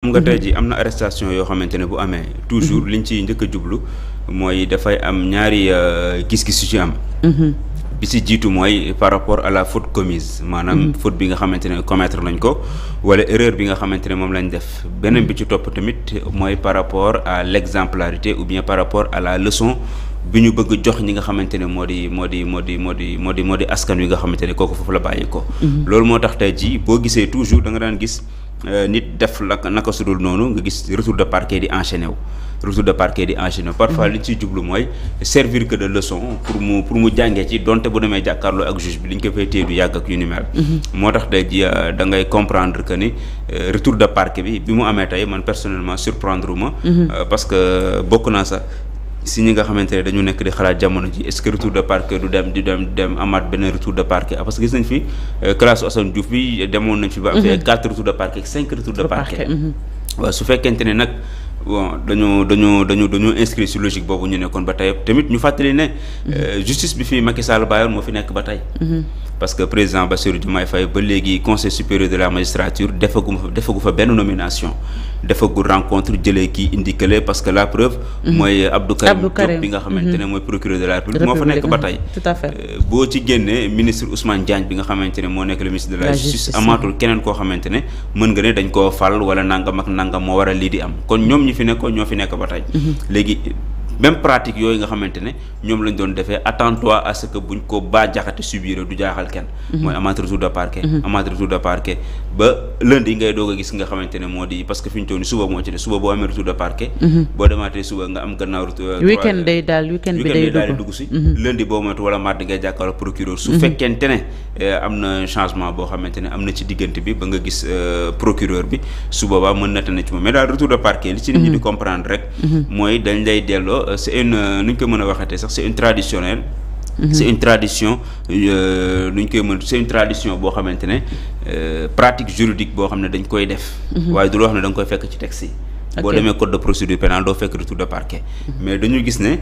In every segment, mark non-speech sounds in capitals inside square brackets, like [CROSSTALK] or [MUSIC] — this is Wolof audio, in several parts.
xam nga tey ji am na arrestation yoo xamante ne bu amee toujours liñ ci njëkk jublu mooy dafay am ñaari euh, gis-gis yu ci am mm-hmm. bi si jiitu mooy par rapport à la faute commise maanaam mm-hmm. faute bi nga xamante ne commettre nañ ko wala erreur bi nga xamante ne moom lañ def beneen bi ci topp tamit mooy par rapport à l'exemplarité ou bien par rapport à la leçon bi ñu bëgg jox ñi nga xamante ne moo di moo di moo di moo di moo di moo di askan wi nga xamante ne kooku foofu la bàyyi ko mm-hmm. loolu moo da nga daan gis Euh, nit def la naka sudul noonu nga gis retour de parquet di enchaîné wu retour de parquet di enchaîné wu parfois mhm. li ci jublu mooy servir que de leçon pour mu pour mu jàngee ci donte bu demee jàkkaarloo ak juge bi li ñu ko fay téye du yàgg ak yu mhm. moo tax da ji euh, da ngay comprendre que ni euh, retour de parquet bi bi mu amee tey man personnellement surprendre ma mhm. parce que bokk naa sax si ñi nga xamante ne dañu nekk di xalaat jamono ji est-ce que retour de parquet du dem di dem dem amaat benn retour de parquet ah, parce que gis nañ fi euh, classe Assane Diouf bi demoon nañ fi ba am fi ay mhm. quatre retours de parquet cinq retours de parquet mhm. waaw su fekkente ne nag bon dañoo dañoo dañu dañoo inscrit sur logique boobu ñu nekkoon ba tey tamit ñu fàttali ne mhm. euh, justice bi fi Macky Sall bàyyoon moo fi nekk ba tey parce que président ba Bassirou Diomaye Faye ba léegi conseil supérieur de la magistrature defagu fa defagu fa benn nomination defagu rencontre jëlee kii indi parce que la preuve. Mhm. mooy Abdou Karim Diop bi nga xamante ne mhm. mooy procureur de la République moo fa nekk ba tey. Mhm. tout à fait euh, boo ci génnee ministre Ousmane Diagne bi nga xamante ne moo nekk le ministre de la justice amaatul keneen koo xamante ne mën nga ne dañ koo fal wala nangam ak nangam moo war a lii di am kon ñoom ñi fi nekkoon ñoo fi nekk ba léegi. même pratique yooyu nga xamante ne ñoom lañ doon defee attends-toi à ce que buñ ko baa jaxate subir du jaaxal kenn. Mhm. mooy amaat retour de mhm. de parquet ba lundi ngay a gis de parquet. Mhm. boo demaatee suba nga am gannaaw retour. Euh, weekend day daal weekend bi day dugg si lundi boo moytu wala mardi ngay jàkkaarloo procureur su fekkente ne euh, am na changement boo xamante ne am na ci diggante bi ba nga gis euh, procureur bi su boobaa mën na tane ci moom mais daal Euh, c' est une euh, nu ñu ko mën a waxatee sax c' est une traditionnelle. Mhm. c' est une tradition euh, nu ñu koy mën c' tradition boo xamante ne pratique juridique boo xam ne dañ koy def. Mhm. waaye du loo wax ne da nga koy fekk ci texte yi. boo demee code de procédure pénale doo fekk retour de parquet. Mhm. mais dañu gis ne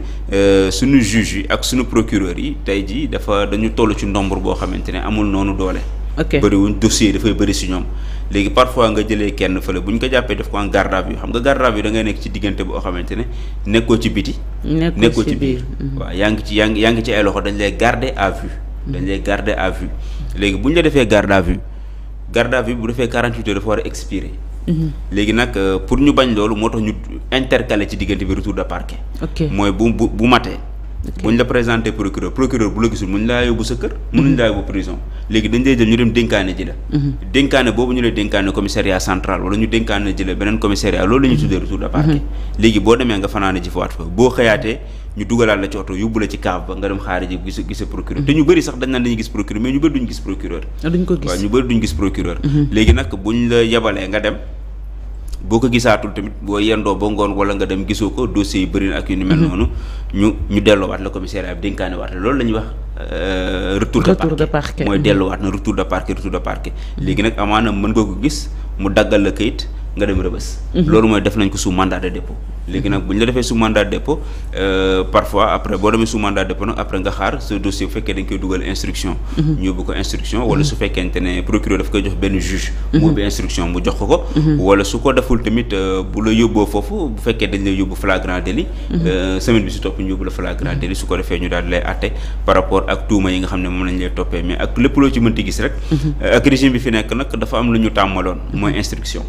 suñu juge yi ak suñu procureur yi tey jii dafa dañu toll ci nombre boo xamante ne amul noonu doole. ok bëriwuñ dossier dafay bëri si ñoom léegi parfois nga jëlee kenn fële bu ñu ko jàppee def ko en garde à vue xam nga garde à vue da ngay nekk ci diggante boo xamante ne nekkoo ci biti nekkoo ci biir mhm. waaw yaa ngi ci yaa ngi yaa ngi ci ay loxo dañ lay garder à vue mhm. dañ lay garder à vue léegi bu ñu la defee garde à vue garde à vue bu defee 48 heures dafa war a expirer mhm. léegi nag euh, pour ñu bañ loolu moo tax ñu intercaler ci diggante bi retour de parquet mooy bu bu bu matee bu ñu la présenter procureur procureur bu la gisul mënuñ laa yóbbu sa kër mënuñ laa yóbbu prison léegi dañ lay jël ñu dem dénkaane ji la mhm. boobu ñu lay dénkaane commissariat central wala ñu dénkaane ji beneen commissariat loolu la ñuy tuddee retour de mhm. léegi boo demee nga fanaane ji fawaat fa boo xëyaatee ñu dugalaat la ci oto yóbbu la ci kaaf ba nga dem xaari ji gis procureur mhm. te ñu bëri sax dañ naan dañuy gis procureur mais ñu boo ko gisaatul tamit boo yendoo ba ngoon wala nga dem gisoo ko dossiers yi bëri na ak yu ni mel mhm. noonu ñu ñu delloowaat la commissariat bi dénkaane waat la loolu la ñuy wax euh, retour de parquet mooy mhm. delloowaat na retour de parquet retour de parquet mhm. léegi nag amaana mën nga ko gis mu daggal la kayit nga dem rëbës loolu mooy def nañ ko sous mandat de dépôt léegi nag bu ñu la defee su mandat de dépôt euh, parfois après boo demee sous mandat de nag après nga xaar ce dossier bu fekkee dañ koy dugal instruction mhm. ñu yóbbu ko instruction wala su fekkente ne procureur daf koy jox benn juge mhm. mu bi instruction mu jox ko ko mhm. wala su ko deful tamit euh, bu la yóbboo foofu bu fekkee dañ lay yóbbu flagrant délit euh, semaine bi si topp ñu yóbbu la flagrant délit su ko defee ñu daal di lay àtte par rapport ak tuuma yi nga xam ne moom lañ lay toppee mais ak lépp loo ci mënti gis rek ak régime fi nekk nag dafa am lu ñu tàmmaloon mooy instruction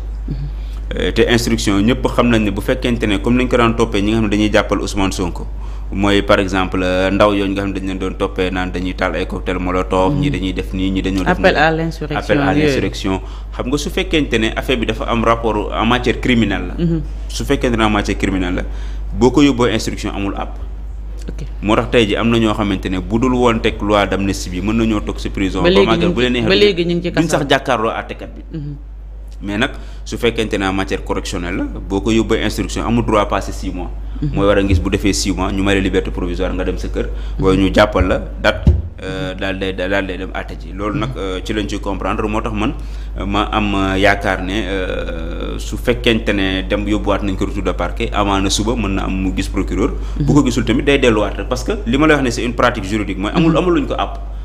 Euh, te instruction ñëpp xam nañ ne bu fekkente ne comme nañ ko daan toppee ñi nga xam ne dañuy jàppal Ousmane Sonko mooy par exemple euh, ndaw yooyu nga xam ne dañu leen doon toppee naan dañuy taal ay cocktail molotov ñi mm. dañuy def nii ñi dañoo def appel à l'insurrection xam nga su fekkente ne affaire bi dafa am rapport en matière criminelle la mm-hmm. su fekkente ne en matière criminelle la boo ko yóbboo instruction amul àpp moo tax tey ji am na ñoo xamante ne bu dul woon teg loi d'amnistie bi mën nañoo toog si prison ba màggal bu leen neexee duñ sax jàkkaarloo àttekat bi mm-hmm. mais nag su fekkente ne matière correctionnelle la boo ko yóbbee instruction amul droit passé six mois. Mhm. mooy war a ngis bu defee six mois ñu may la liberté provisoire nga dem sa kër. Mhm. waaye jàppal la date. Euh, daal day daal day dem àtte ji loolu nag mhm. euh, ci lañ ciy comprendre moo tax man ma am euh, yaakaar ne su fekkente ne dem yóbbuwaat nañ ko retour de parquet amaana suba mën na am mu gis procureur. bu ko gisul tamit day delluwaat parce que li ma lay wax ne c'est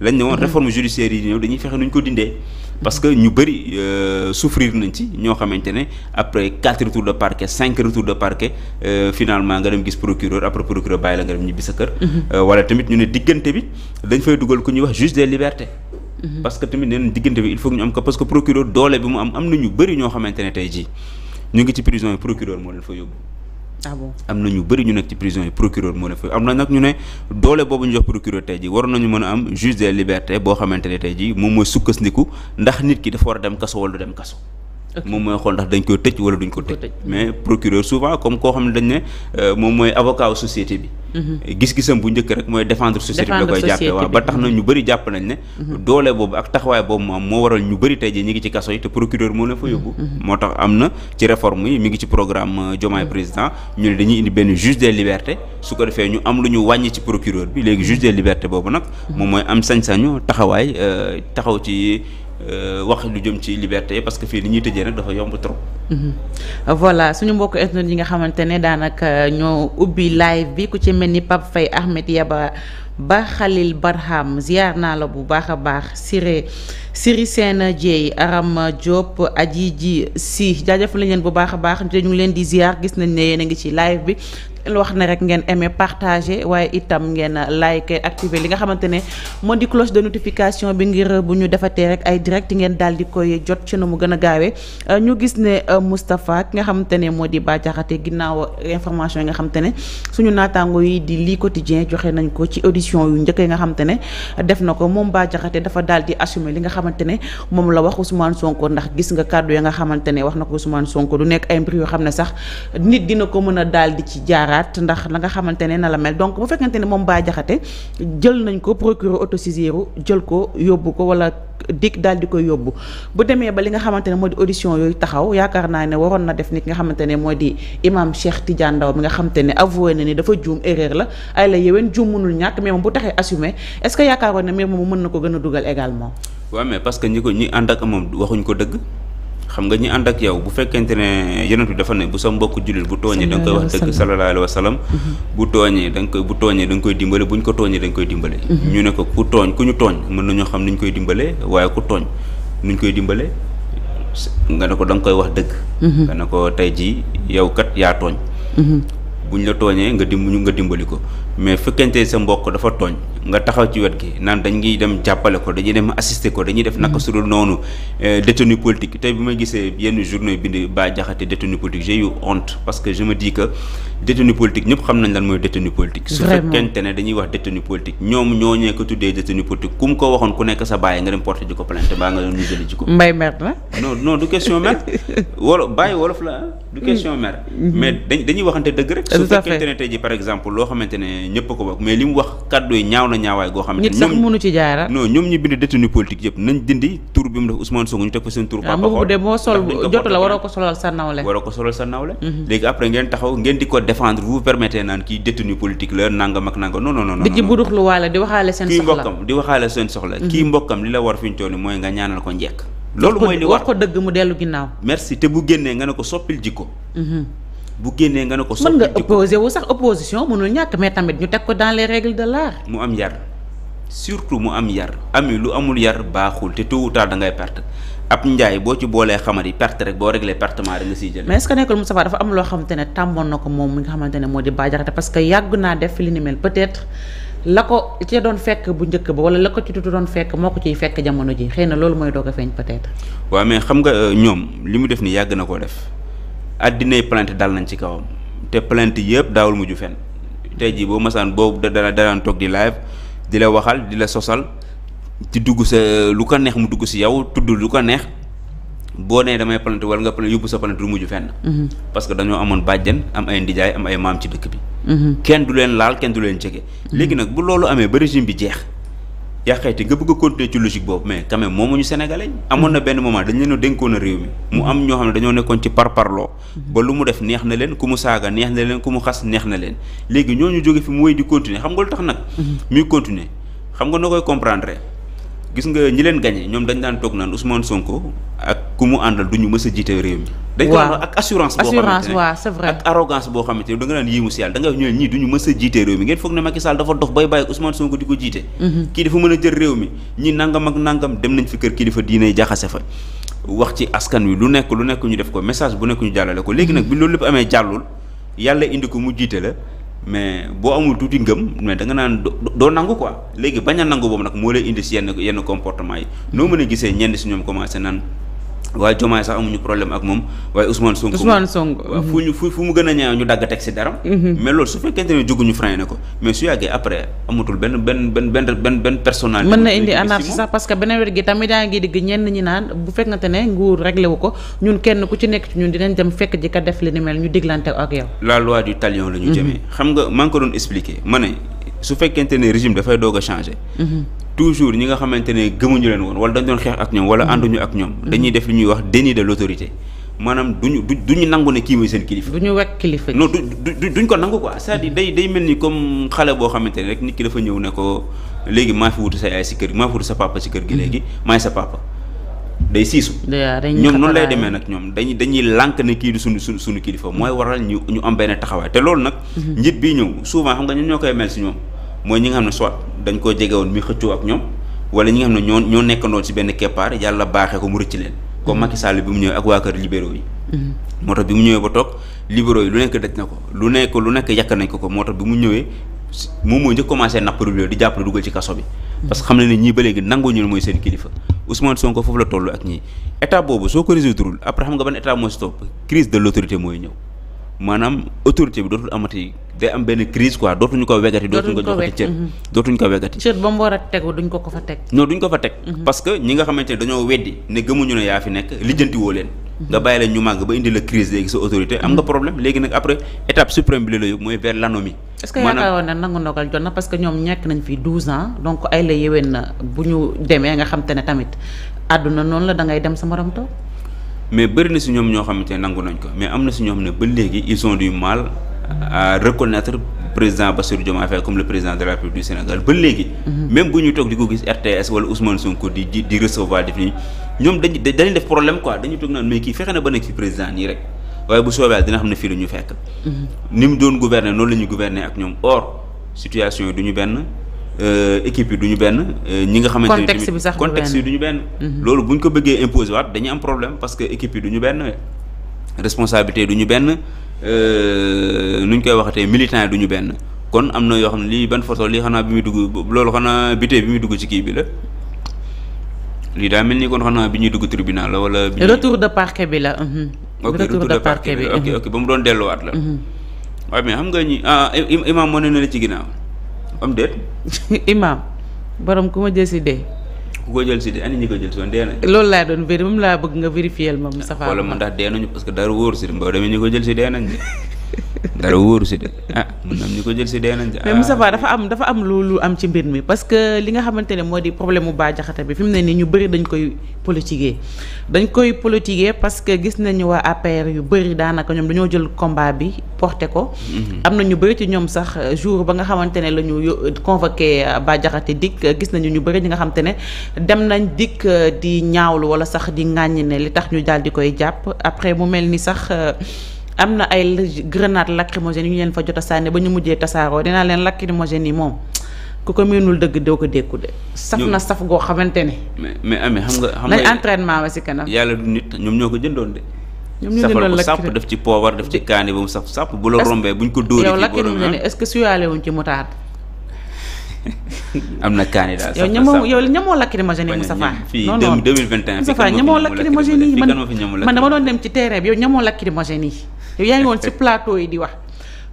lañ ne woon réforme judiciaire yi ñëw dañuy fexe nu ñu ko dindee parce que ñu bëri euh, souffrir nañ ci ñoo xamante ne après quatre retours de parquet cinq retours de parquet euh, finalement nga dem gis procureur après procureur bàyyi la nga dem ñibbi sa kër. Mhm. Euh, wala tamit ñu ne diggante bi dañ fay dugal ku ñuy wax juge des libertés. Mhm. parce que tamit nee nañ diggante bi il faut ñu am ko parce que procureur doole bi mu am am na ñu bëri ñoo xamante ne tey jii ñu ngi ci prison yi procureur ah am na ñu bëri ñu nekk ci prison yi procureur moo ne fa am na nag ñu ne doole boobu ñu jox procureur tey ji waroon nañu mën a am juge des libertés boo xamante ne tey ji moom mooy sukkandiku ndax nit ki dafa war a dem kaso wala dem kaso moom mooy xool ndax dañ koy tëj wala duñ ko tëj mais procureur souvent comme koo xam ne dañ ne euh, moom mooy avocat wu société bi mhm. gis-gisam bu njëkk rek mooy defendre société bi la koy jàppee ba tax na ñu mhm. bëri jàpp nañ ne mhm. doole boobu ak taxawaay boobu mu moo waral ñu bëri tey jii ñi ngi ci kaso yi te procureur moo leen fa yóbbu moo tax am na ci réforme yi mi ngi ci programme euh, Diomaye président ñu ne dañuy indi benn juge des libertés su ko defee ñu am lu ñu wàññi ci procureur bi léegi juge des boobu nag moom mooy am sañ-sañu taxawaay euh, taxaw ci Euh, wax lu jëm ci liberté parce que fii ni ñuy tëjee nag dafa yomb trop. Mhm. voilà suñu mbokk internet yi nga xamante ne daanaka ñoo ubbi live bi ku ci mel ni Pape Faye Ahmed Yaba Ba Khalil Barham ziar naa la bu baax a baax Siré Siri Sène Dieye Aram Diop Adji ji si jaajëf lañ leen bu baax a baax te ñu ngi leen di ziar gis nañ ne yéen a ngi ci live bi. wax ne rek ngeen aimé partage waaye itam ngeen like activer li nga xamante ne moo di de notification bi ngir bu ñu defatee rek ay direct ngeen daal di koy jot ci nu mu gën a gaawee euh, ñu gis ne euh, Moustapha ki nga xamante ne moo di Bah ginnaaw information yi nga xamante ne suñu naataango yi di lii quotidien joxe nañ ko ci audition yu njëkk yi nga xamante ne def na ko moom Bah dafa daal di assumer li nga xamante ne moom la wax Ousmane Sonko ndax gis nga kàddu ya nga xamante ne wax na ko Ousmane Sonko du nekk ay mbir yoo xam ne sax nit dina ko mën a daal di ci jaaraat defaraat ndax la nga xamante ne na la mel donc bu fekkente ne moom Bah Diakhaté jël nañ ko procureur autosaisiru jël ko yóbbu ko wala dik daal di koy yóbbu bu demee ba li nga xamante ne moo di audition yooyu taxaw yaakaar naa ne waroon na def nit nga xamante ne moo di imam Cheikh Tidiane Ndaw mi nga xamante ne avoué na ni dafa juum erreur la ay la yéwén juum mënul ñàkk mais moom bu taxee assumé est-ce que yaakaaroon ne mbir mën na ko gën a dugal également waaw mais parce que ñi ko ñi ànd ak moom waxuñ ko dëgg xam nga ñi ànd ak yow bu fekkente ne yonent bi dafa ne bu sa mbokk jullit bu tooñee da nga koy wax dëgg sallallahu alayhi wa sallam mm-hmm. bu tooñee da nga koy bu tooñee da koy dimbale bu ñu ko tooñee da koy dimbale mm-hmm. ñu ne ko ku tooñ ku ñu tooñ mën nañoo xam ni koy dimbale waaye ku tooñ nuñ koy dimbale nga ne ko da nga koy wax dëgg mm-hmm. nga ne ko tey jii yow kat yaa tooñ bu ñu la tooñee nga dimb nga dimbali ko mais fekkente sa mbokk dafa tooñ nga taxaw ci wet gi naan dañuy dem jàppale ko dañuy dem assister ko dañuy def naka mm. su dul noonu euh, détenu politique tey bi ma gisee yenn journaux bind Bah Diakhaté détenu politique j'ai honte parce que je me dis que détenu politique ñëpp xam nañ lan mooy détenu politique su fekkente ne dañuy wax détenu politique ñoom ñooñee ko tuddee détenu politique ku mu ko waxoon ku nekk sa bàyyi nga dem porter ko plainte baa nga doon ñu ko mbay mer na non non du question mer [LAUGHS] wolof bàyyi wolof du question mm. mm-hmm. ne tey ji par exemple na ñaawaay goo xam ne nit sax mënu ci jaara non ñoom ñu bind détenu politique yëpp nañ dindi tur bi mu def Ousmane Sonko ñu teg fa seen tur ah, papa xool de moo sol jotu la waroo ko solal sa nawle waroo ko sa mhm. léegi après ngeen taxaw ngeen di ko défendre vous permettez naan kii détenu politique la nangam ak nangam non non non di ci mbokkam di waxaale seen soxla mhm. kii mbokkam li la war fi ñu mooy nga ñaanal ko njekk loolu mooy li war ko dëgg mu dellu ginnaaw bu génnee nga ne ko. mën nga opposé wu sax opposition mënul ñàkk mais tamit ñu teg ko dans les règles de l'art mu am yar surtout mu am yar ami lu amul yar baaxul te tôt ou tard da ngay perte ab njaay boo ci boolee xamari perte rek boo réglé pertement rek nga siy jël. mais est ce que nekkul dafa am loo xamante ne tàmmoon na ko moom mi nga xamante ne moo di baajaxate parce que yàgg naa def li ni mel peut être la ko ci doon fekk bu njëkk ba wala la ko ci tuuti doon fekk moo ko ciy fekk jamono ji xëy na loolu mooy doog a feeñ peut être. waaw mais xam nga euh, li mu def ni yàgg na koo def. addinay plainte dal nañ ci kawam te plainte yëpp daawul mujju fen tey jii boo masaan boobu da da daan toog di live di la waxal di la sosal di dugg sa lu ko neex mu dugg si yow tudd lu ko neex boo nee damay plainte wala nga plainte yóbbu sa plainte du mujju fenn. Mhm. parce que dañoo amoon bàjjan am ay ndijaay am ay maam ci dëkk bi. Mhm. kenn du leen laal kenn du leen jege. Mhm. léegi nag bu loolu amee ba régime bi jeex. yaa xayti nga bëgg a continuer ci logique boobu mais quand même moomuñu sénégalais amoon na benn moment dañ leen a dénkoon a réew mi mu am ñoo xam ne dañoo nekkoon ci parparloo ba lu mu def neex na leen ku mu saaga neex na leen ku mu xas neex na leen léegi ñoo ñu jóge fi mu wéy di continuer xam nga lu tax nag mhm. muy continuer xam nga noo koy comprendre gis nga ñi leen gagné ñoom dañu daan toog naan Ousmane Sonko ak ku mu àndal du ñu mës a jiite réew mi. dañ ko ak boo xamante ne c'est vrai ak arrogance boo xamante ne da nga naan yéemu si yàlla da nga ñëw ñii du ñu a jiite réew mi ngeen mm-hmm. a jaxase fa. wax ci askan wi lu nekk lu nekk ñu def ko message bu nekk ñu jàllale ko léegi nag bi loolu lépp amee jàllul yàlla indi ko mu jiite la mais boo amul tuuti ngëm mais da nga naan doo nangu quoi léegi bañ a nangu boobu nag moo lay indi si yenn yenn comportement yi noo mën a gisee ñenn si ñoom commencé nan waaye Diomaye sax amuñu problème ak moom waaye Ousmane Sonko Ousmane Sonko waaw mhm. fu ñu fu mu gën a ñaaw ñu dagg teg si dara mhm. mais loolu su fekkente ne jóguñu freiné ko mais su yàggee na indi anarchie sax parce que beneen wet gi tamit daa ngi digg ñenn ñi naan bu fekkante ne nguur réglé ko ñun kenn ku ci nekk ci di dinañ dem fekk ji ka def li ni mel ñu diglante ak yow la loi du talion la mhm. jëmee xam nga maa ngi ko doon expliqué ma ne su fekkente ne régime dafay doog a changé toujours ñi nga xamante ne gëmuñu leen woon wala dañ doon xeex ak ñoom wala mm-hmm. ànduñu ak ñoom mm-hmm. dañuy def li ñuy wax déni de l'autorité maanaam duñu du duñu nangu ne kii mooy seen kilifa. duñu wekk kilifa non du duñ ko nangu quoi c'est-à-dire day mel ni comme xale boo xamante ne rek nit ki dafa ñëw ne ko léegi maa fi wutu sa si kër gi maa fi si kër gi mm-hmm. léegi maay sa papa day siisu ñoom noonu lay demee nag ñoom dañuy dañuy lànk ne kii du suñu suñu suñu kilifa mooy waral ñu ñu am benn taxawaay te loolu nag njit bii ñëw souvent xam nga ñun ñoo koy mel si ñoom mooy ñi nga xam ne soit dañ koo jege woon muy xëccoo ak ñoom wala ñi nga xam ne ñoo ñoo nekkandoon ci benn keppaar yàlla baaxee ko mu rëcc leen comme Macky Sall bi mu ñëwee ak waa kër libéraux yi mm-hmm. moo tax bi mu ñëwee ba toog libéraux yi lu nekk daj na ko lu nekk lu nekk yàq nañ ko ko moo tax bi mu ñëwee moom moo njëkk commencé napp libéraux di jàppale dugal ci kaso bi mm-hmm. parce que xam na ne ñii ba léegi nangoo ñu mooy seen kilifa Ousmane Sonko foofu la toll ak ñii état boobu mooy ñëw maanaam autorité bi dootul amati day am benn crise quoi dootuñu ko wegati dootuñu ko joxati cër mhm. dootuñu ko wegati cër ba mu war a tegu duñ ko ko fa teg non duñ ko fa teg mhm. parce que ñi nga xamante ne dañoo weddi ne gëmuñu ne yaa fi nekk lijjanti woo leen mhm. nga bàyyi leen ñu màgg ba indi la crise léegi sa autorité am nga problème léegi nag après étape suprême bi la yóbbu mooy vers l'anomie est-ce que yaakaaroon na nangu ndogal jot na parce que ñoom ñàkk nañ fi 12 ans donc ay la yéwén na bu ñu demee nga xam te ne tamit àdduna noonu la da ngay dem sa morom toog mais bëri na si ñoom ñoo xamante ne nangu nañ ko mais am na si ñoo xam ne ba léegi ils ont du mal à reconnaître président Bassirou Diomaye Faye comme le président de la République Sénégal ba léegi. Mhm. même bu ñuy toog di ko gis RTS wala Ousmane Sonko di di di recevoir def nii ñoom dañuy dañuy def problème quoi dañuy toog naan mais kii fexe na ba nekk fi président nii rek waaye bu soobee dina xam ne fii la ñu fekk. Mhm. ni mu doon gouverner noonu la ñuy gouverner ak ñoom or situation yi du ñu benn. Euh, équipe yi du ñu benn. Euh, ñi nga xamante ni contexte bi sax contexte yi duñu benn. Mhm. loolu bu ñu ko bëggee imposer waat dañuy am problème parce que équipe yi duñu benn responsabilité yi du ñu benn euh, nu ñu koy waxatee militant du ñu benn kon am na yoo xam ne lii ban photo lii xanaa bi muy dugg loolu xanaa bitee bi muy dugg ci kii bi la. lii daa mel ni kon xanaa bi ñuy dugg tribunal la wala. bi retour de parquet bi la. Mhm. ok retour de parquet bi ok mhm. ok ba mu doon delluwaat la. waaye mais xam nga ñi ah imam moo ne na la ci ginnaaw. am déet. [LAUGHS] imaam borom ku ma jël si dee. ku ko jël si dee ani ñi ko jël si dee nañ. loolu laa doon vérifié moom laa bëgg nga vérifié ma Moustapha. wala mu ndax dee nañu parce que dara wóor si boo demee ñi ko jël si dee nañ de. [LAUGHS] dara wóoru si de ah mun nañ ci ah. dafa am dafa am lu lu am ci mbir mi parce que li nga xamante ne moo di problème mu Bah bi fi mu ne nii ñu bëri dañ koy politiquer dañ koy politiquer parce que gis nañu waa APR yu bëri daanaka ñoom dañoo jël combat bi porté ko mhm. am na ñu bëri ci ñoom sax jour ba nga xamante ne lañu ñu convoqué euh, Bah Diakhaté dikk gis nañu ñu bëri ñi nga xamante ne dem nañ dikk euh, di ñaawlu wala sax di ŋàññ ne li tax ñu daal di koy jàpp après mu mel ni sax euh, am na ay grenade lacrymogène yu ñu leen fa jot a sànni ba ñu mujjee tasaaroo dinaa leen lacrymogène yi moom ku ko mënul dëgg doo ko dékku de. saf na saf goo xamante ne. mais mais Ami xam nga. xam nga entraînement ba si yàlla du nit ñoom ñoo ko jëndoon de. ñoom ñu jëndoon safal ko sàpp def ci poobar def ci kaani ba mu saf sàpp bu la rombee buñ ko dóoree. ci borom yow lacrymogène ah. est-ce que suyaalee [LAUGHS] am na candidat yow ñamoo yow ñamoo lacrymogène yi Moustapha non non fii deux mille vingt et un Moustapha ñamoo lacrymogène yi man dama doon dem ci terrain bi yow ñamoo lacrymogène yi yow yaa ngi woon ci [LAUGHS] plateau yi di wax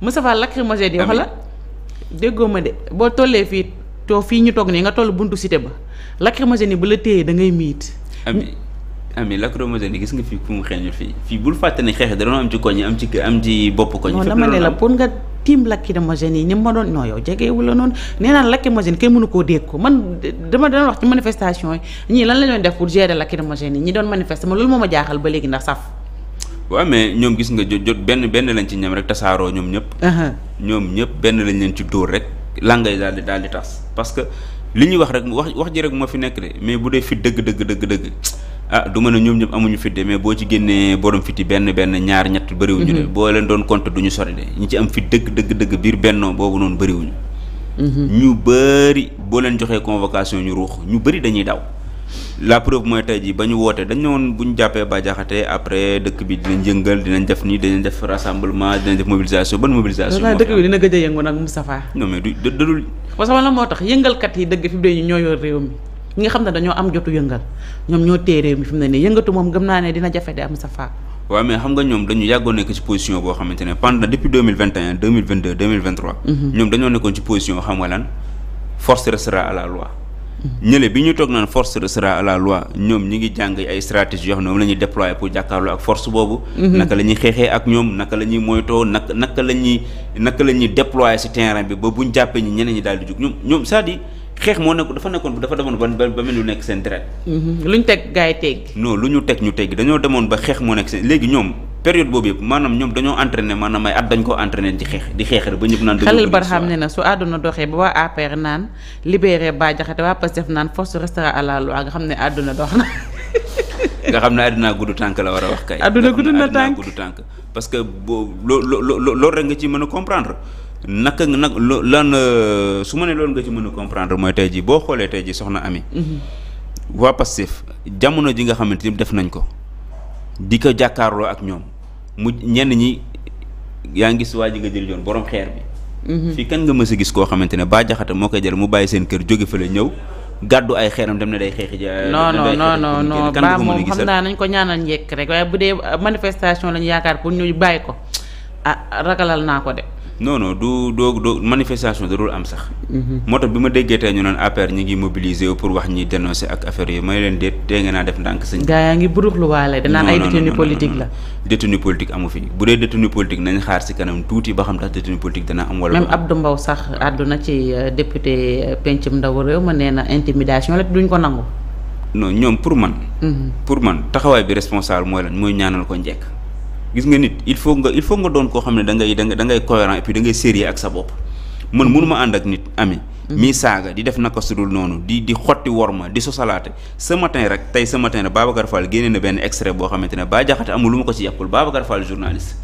Moustapha lacrymogène yi wax la yi bu la téyee da ngay miit ami ami lacrymogène yi gis nga fii ku mu xeeñu fii fii bul fàtte ne xeex da am ci koñ am am ci bopp koñ non dama ne la pour nga tiim lacrymogène yi ni ma doon non yow jege wala noonu nee naa lacrymogène kenn mënu koo dégg ko man dama doon wax ci manifestation yi ñii lan la doon def pour gérer lacrymogène yi ñi doon manifester ma loolu moo ma jaaxal ba léegi ndax saf. waaw mais ñoom gis nga jot jot benn benn lañ ci ñam rek tasaaroo ñoom ñëpp. Uh-huh. ñoom ñëpp benn lañ leen ci dóor rek langay daal di daal di tas parce que li ñuy wax rek wax wax ji rek moo fi nekk de mais bu dee fi dëgg dëgg dëgg dëgg. ah du mën a ñoom ñëpp amuñu fit de mais boo ci génnee borom fit yi benn benn ñaar ñett bëriwuñu de mhm. boo leen doon compte duñu sori de ñi ci am fit dëgg dëgg biir bennoo boobu noonu bëriwuñu mhm. ñu bëri boo leen joxee convocation ñu ruux ñu bëri dañuy daw la preuve mooy tey jii ba ñu wootee dañ woon buñ jàppee ba jaxatee après dëkk bi dinañ yëngal dinañ def nii dinañ def rassemblement dinañ def mobilisation ban mobilisation. waaw dëkk bi dina gëj a yëngu da dul. parce que lan moo tax yëngalkat yi ñi nga xam ne dañoo am jotu yëngal ñoom ñoo téye réew mi fi mu ne nii yëngatu moom gëm naa ne dina jafe de am sa faa. waaw mais xam nga ñoom dañu yàggoon nekk ci position boo xamante ne pendant depuis deux mille vingt et un deux mille vingt deux deux mille vingt trois. Mhm. ñoom dañoo nekkoon ci position xam nga lan force restera à la mhm. ñële bi ñu toog naan force restera à la loi ñoom ñi ngi jàng ay stratégie yoo xam ne moom la ñuy déployer pour jàkkaarloo ak force boobu. Mhm. naka la ñuy xeexee ak ñoom naka la ñuy moytoo naka naka la ñuy naka la ñuy déployer ci terrain bi ba buñ jàppee ñi ñeneen ñi daal di jug ñoom xeex moo nekk dafa nekkoon dafa demoon ba ba mel lu nekk seen deret. lu ñu teg gars yi teg. non lu ñu teg ñu teg dañoo demoon ba xeex moo nekk seen léegi ñoom période boobu yëpp maanaam ñoom dañoo entraîné maanaam ay at dañ ko entraîné ci xeex di xeex rek ba ñëpp naan. dañoo Khalil Barham ne na su àdduna doxee ba waa APR naan libéré Bah Diakhaté waa Pastef naan force restera à la nga xam ne àdduna dox na. [LAUGHS] nga xam ne àdduna gudd tànk la war a wax kay. àdduna gudd na tànk parce que boo loo loo loolu rek nga ciy mën a comprendre naka nag lo lan euh, su ma ne loolu nga ci mën a comprendre mooy tey jii boo xoolee tey jii soxna Ami. Mhm. waa Pastef jamono ji nga xamante ni def nañ ko di ko jàkkaarloo ak ñoom mu ñenn ñi yaa ngi gis waa ji nga jël yoon borom xeer bi. Mhm. fii kan nga mës a gis koo xamante ne Bah Diakhaté moo koy jël mu bàyyi seen kër jóge fële ñëw gàddu ay xeeram dem na day xeexi. ja non non non non moom xam naa nañ ko ñaanal njëkk rek waaye bu dee manifestation lañu yaakaar pour ñu bàyyi ko ah ragalal naa ko de. non du doo doo manifestation darul am sax. Mhm. moo tax bi ma déggee tey ñu naan APR ñu ngi mobiliser wu pour wax ñi dénoncer ak affaire yooyu may leen déet dégg naa def ndànk sëñ. gaa yaa ngi buruxlu waale la. détenu politique amu fi bu dee détenu si kanam tuuti ba xam ndax détenu politique dana am. wala même Abdou Mbow sax àdduna ci euh, député euh, pencum ndaw réew ma nee na intimidation la duñ ko nangu. non ñoom pour man. Mhm. pour man taxawaay bi responsable mooy la mooy ñaanal ko njekk gis nga nit il faut nga il faut nga doon koo xam ne dangay ngay da ngay da ngay cohérent ak sa bopp man ma ànd ak nit ami mm-hmm. mii saaga di def naka sudul noonu di di xotti worma di sosalaate ce matin rek tey ce matin rek Babacar Fall génne na benn extrait boo xamante ne baa Diakhaté amul lu ma ko ci yàqul Babacar Fall journaliste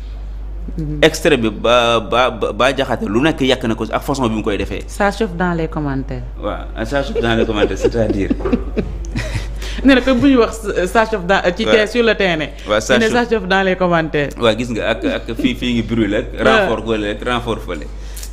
mm-hmm. extrait bi ba ba Bah Diakhaté lu nekk yàq na ko ak façon bi mu koy defee sa chauffe dans les commentaires waaw ça chauffe dans [LAUGHS] nee na comme bu ñuy wax sage of dans ci tee sur le terrain. waaw sage of sage of dans les gis nga ak ak fii fii ngi brûlé ak. renfort fële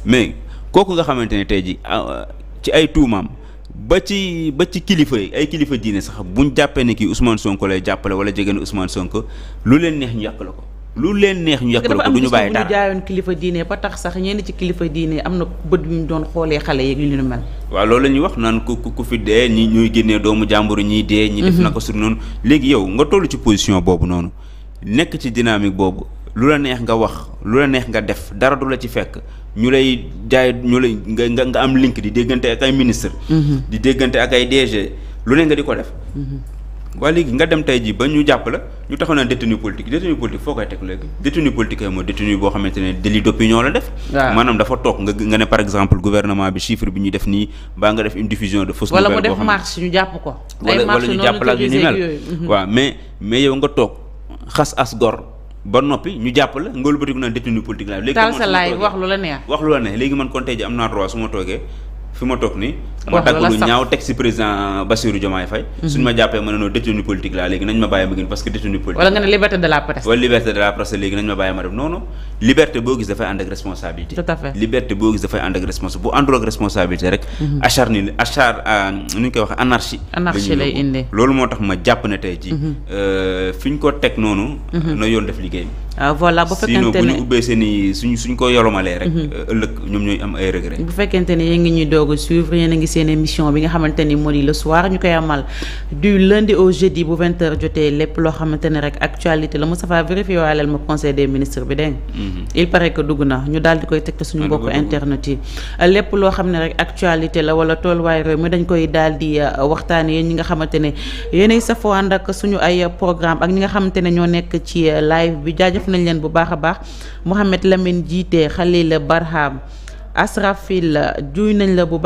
mais kooku nga xamante ne tey ji ah, ci ay tuumaam. ba ci ba ci kilifa yi ay kilifa diine sax bu buñ jàppee ne kii Ousmane Sonko lay jàppale wala jege na Ousmane Sonko lu leen neex ñu yàq la ko. lu leen neex ñu yàqal ko du ñu bàyyi dara dafa am jaayoon kilifa diine ba tax sax ñenn ci kilifa diine am na bët yu ñu doon xoolee xale yi yu ñu mel. waaw loolu la ñuy wax naan ku ku fi dee ñi ñuy génnee doomu jàmbur ñiy dee. ñi def mhm. na ko sur noonu. léegi yow nga tollu ci position boobu noonu nekk ci dynamique boobu lu la neex nga wax lu la neex nga def dara du la ci fekk ñu lay jaay ñu lay nga nga am link di déggante ak ay ministre mhm. di déggante ak ay lu ne nga di ko def. Mhm. waaye léegi nga dem tey ji ba ñu jàpp la ñu taxaw naan détenu politique détenu politique foo koy teg léegi détenu politique mooy détenu boo xamante ne délit d'opinion la def maanaam toog nga nga ne par exemple gouvernement bi chiffre bi ñuy def nii baa nga def une diffusion de fausse nouvelle wala def marche ñu jàpp ko wala wala ñu jàpp mhm. waaw mais mais yow nga toog xas as gor ba noppi ñu jàpp la nga wëlbatiku naan détenu politique la léegi taal sa laay wax lu la neex wax lu la neex léegi man kon tey ji am naa droit su ma toogee fi ma toog nii ma dagg lu ñaaw teg si président Bassirou Diomaye Faye mhm. suñu ma jàppee ma ne noonu mhm. def liggéeyam ah, voilà bu fekkente ne suñ suñ ko yolomalee rek mhm. euh, ëllëg ñoom ñooy am ay regret bu fekkente ne yéen ngi ñuy suivre yéen ngi seen émission bi nga xamante ni moo di le soir ñu koy amal du lundi au bu 20 jotee lépp loo xamante ne rek actualité la Moustapha vérifié waaleel ma conseil des ministres bi dégg mhm. il paraît que dugg na ñu daal di koy teg te suñu mbokk internet yi lépp loo xam ne rek actualité la wala tooluwaay réew mi dañ koy daal di euh, waxtaan yéen ñi nga xamante ne yéenay safoo ànd ak suñu ay programme ak ñi nga xamante ne ñoo nekk ci euh, live bi jaajëf nañ leen bu baax a baax Mouhamed Lamine Jiite Khalil euh, la bu baax